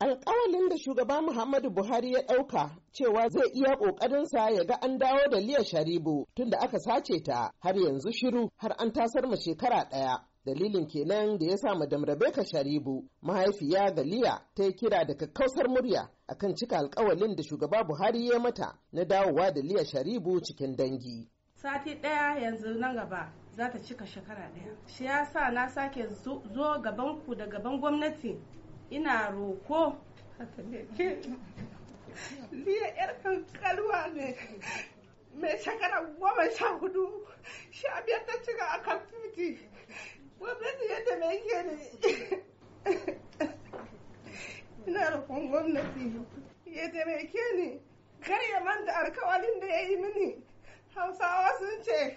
alkawalin da shugaba Muhammadu Buhari ya ɗauka cewa zai iya ƙoƙarinsa ya ga an dawo da Liya Sharibu tunda aka sace ta har yanzu shiru har an tasar ma shekara ɗaya. Dalilin kenan da ya sa Madam Rebecca Sharibu mahaifiya ga Liya ta yi kira da kakkausar murya akan cika alƙawalin da shugaba Buhari ya mata na dawowa da Liya Sharibu cikin dangi. Sati ɗaya yanzu nan gaba za ta cika shekara ɗaya. Shi ya sa na sake zo gabanku da gaban gwamnati ina roko liya yar kankalwa ne mai shekara goma sha hudu sha biyar ta cika a kan tuti gwamnati yadda mai ke ne ina rokon gwamnati yadda mai ke ne kar ya manta alkawalin da ya yi mini hausawa sun ce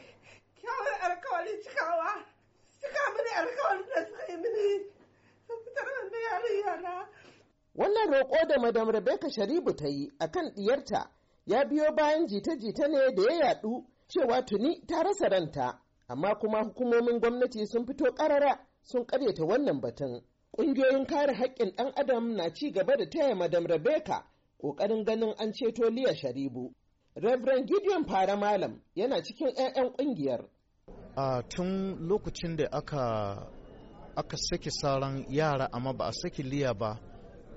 wannan roƙo da madam rebecca sharibu ta yi a kan ɗiyarta ya biyo bayan jita-jita ne da ya yaɗu cewa tuni ta rasa ranta amma kuma hukumomin gwamnati sun fito ƙarara sun ƙaryata wannan batun ƙungiyoyin kare haƙƙin ɗan adam na ci gaba da taya madam rebecca ƙoƙarin ganin an ceto liya sharibu Reverend Gideon Fara Malam yana cikin 'ya'yan ƙungiyar. A tun lokacin da aka aka saki saran yara amma ba a saki liya ba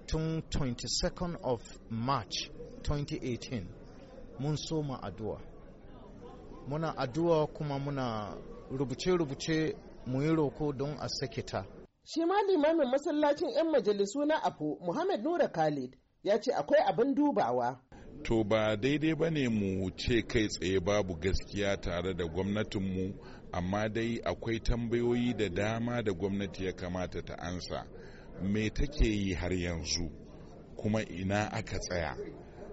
tun 22nd of march 2018 mun ma addu'a muna addu'a kuma muna rubuce-rubuce mu yi roko don a sake ta shi ma limamin masallacin 'yan majalisu na afo muhammad nura khalid ya ce akwai abin dubawa to ba daidai ba ne mu ce kai tsaye babu gaskiya tare da gwamnatinmu amma dai akwai tambayoyi da dama da gwamnati ya kamata ta ansa me take yi har yanzu kuma ina aka tsaya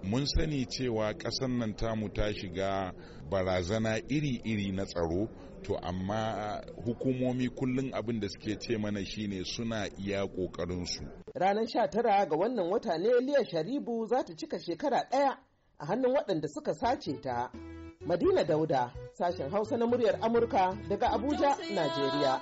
mun sani cewa ƙasar nan tamu ta shiga barazana iri-iri na tsaro to amma hukumomi kullum abin da suke ce mana shine suna iya ƙoƙarinsu. ranar 19 ga wannan wata ne liya sharibu za ta cika shekara ɗaya a hannun waɗanda suka sace ta madina dauda sashen hausa na muryar amurka daga abuja najeriya